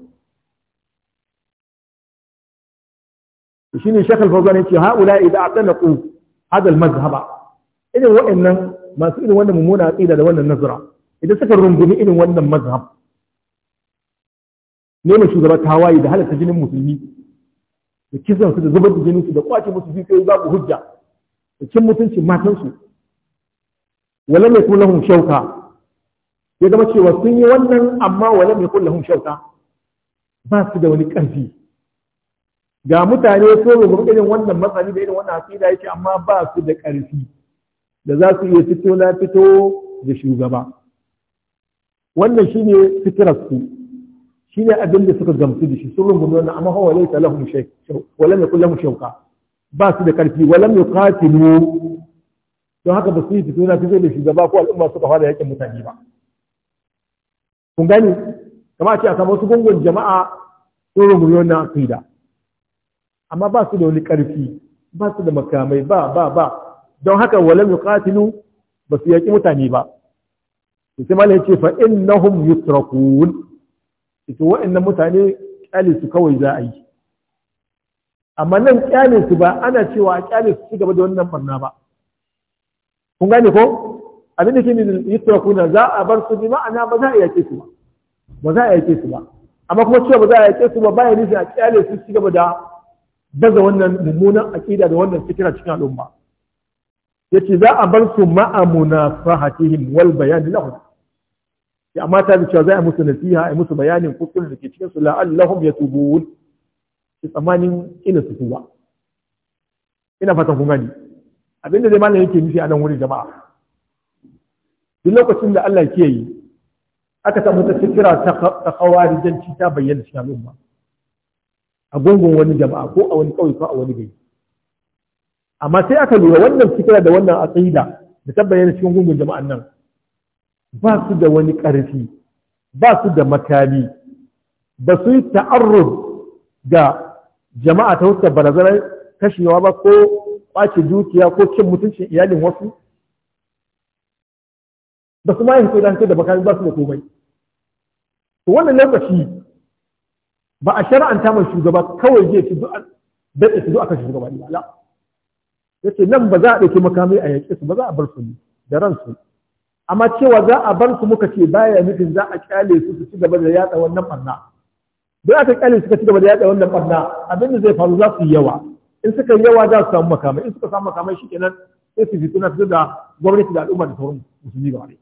shine shakal fawzan yace haula idza atanaqu hada hadal mazhaba irin wa'annan masu irin wannan mummuna aqida da wannan nazara idan suka rungumi irin wannan mazhab ne mai shugaba tawaye da halatta jinin musulmi da kisan su da zubar da jinin su da kwace musu dukiyoyi babu hujja da cin mutunci matan wala mai kula lahum shauka ya zama cewa sun yi wannan amma wala mai kula lahum shauka ba su da wani ƙarfi ga mutane so ga irin wannan matsali da irin wannan asida yake amma ba su da ƙarfi da za su iya fito na fito da shugaba wannan shine fitrar su shine abin da suka gamsu da shi sun rubu wannan amma hawa laysa lahum shay wa lam yakul lahum shawqa ba su da ƙarfi wa lam yuqatilu don haka ba su yi fito na fito da shugaba ko al'umma suka fara yakin mutane ba kun gani kamar a ce a samu wasu gungun jama'a sun rubu wannan asida amma ba su da wani ƙarfi ba su da makamai ba ba ba don haka walam yuqatilu ba su yaƙi mutane ba sai malai ce fa innahum yutrakun ita wa'annan mutane kyale su kawai za a yi amma nan kyale su ba ana cewa a kyale su ci gaba da wannan barna ba kun gane ko abin da ke nufin yutrakun za a bar su bi ma'ana ba za a yaƙe su ba ba za a yaƙe su ba amma kuma cewa ba za a yaƙe su ba bayan nufin a kyale su ci gaba da baza wannan mummunan aƙida da wannan fikira cikin al'umma Ya ce za a bar su ma'a munafahatihim wal bayan lahum ya amma ta cewa za a musu nasiha a musu bayanin kuskuren da ke cikin su la'allahum yatubun ki tsamanin ina su tuba ina fatan kun gani abinda dai malam yake nufi a nan wurin jama'a duk lokacin da Allah ke yi aka samu ta fikira ta khawarijanci ta bayyana cikin al'umma a gungun wani jama'a ko a wani ƙauye ko a wani gari amma sai aka lura wannan fikira da wannan aqida da tabbayar cikin gungun jama'an nan ba su da wani ƙarfi ba su da makami ba su yi ta'arruf ga jama'a ta wuce barazanar kashewa ba ko ƙwace dukiya ko cin mutuncin iyalin wasu ba su ma yi da da makami ba su da komai to wannan lokaci ba a shara'anta mai shugaba kawai zai ci du'a daɗe su du'a kan shugaba ne ba yace nan ba za a ɗauki makamai a yaƙe su ba za a bar su ne da ransu amma cewa za a bar su muka ce baya nufin za a kyale su su ci gaba da yaɗa wannan ɓarna. don aka kyale su ka ci gaba da yaɗa wannan ɓarna, abin da zai faru za su yi yawa in suka yi yawa za su samu makamai in suka samu makamai shi kenan sai su fituna fitar da gwamnati da al'umma da sauran musulmi gaba ɗaya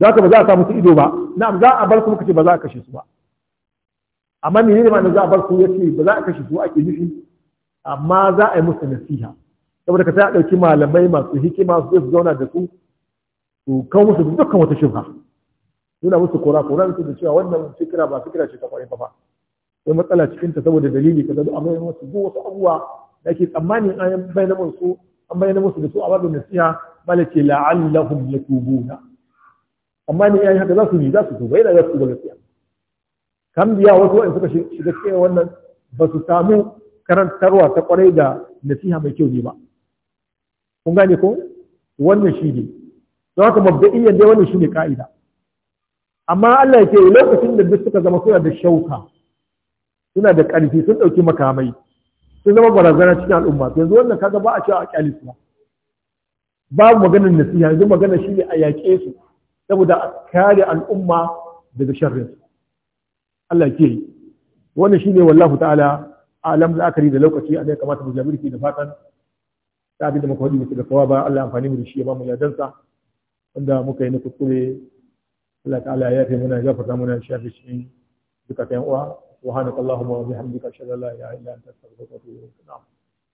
za ka ba za a samu su ido ba na'am za a bar su muka ce ba za a kashe su ba amma menene ma za a bar su yace ba za a kashe su ake nufi amma za a yi musu nasiha saboda ka sai a ɗauki malamai masu hikima su su zauna da su su kawo musu dukkan wata shubha nuna musu kora kora su da cewa wannan fikira ba fikira ce ta kwaye ba sai matsala cikin ta saboda dalili kaza duk amma wasu duk wasu abuwa da ke tsammani an bayyana musu an bayyana musu da su a babin nasiha malaka la'allahum yatubuna amma ne yayin haka za su yi za su tuba yana za su tuba gaskiya Kambiya biya wasu wa'in suka shiga cikin wannan ba su samu karantarwa ta kwarai da nasiha mai kyau ne ba kun gane ko wannan shi ne don haka mabda'iyyar dai wannan shi ne ka'ida amma Allah ke lokacin da duk suka zama suna da shauka suna da ƙarfi sun ɗauki makamai sun zama barazana cikin al'umma yanzu wannan kaga ba a cewa a ƙyali su babu maganar nasiha yanzu magana shi ne a yaƙe su saboda a kare al'umma daga sharrin Allah ke yi wannan ne wallahu ta'ala alam la'akari da lokaci a da kamata mu jami'i da fatan ta abin da muka wadi muke da kawa ba Allah amfani mu da shi ya ba mu ladansa wanda muka yi na kuskure Allah ta'ala ya yafe muna ya gafarta muna shafi shi duka ta 'yan uwa subhanakallahumma wa bihamdika ashhadu an la ilaha illa anta astaghfiruka wa atubu ilayk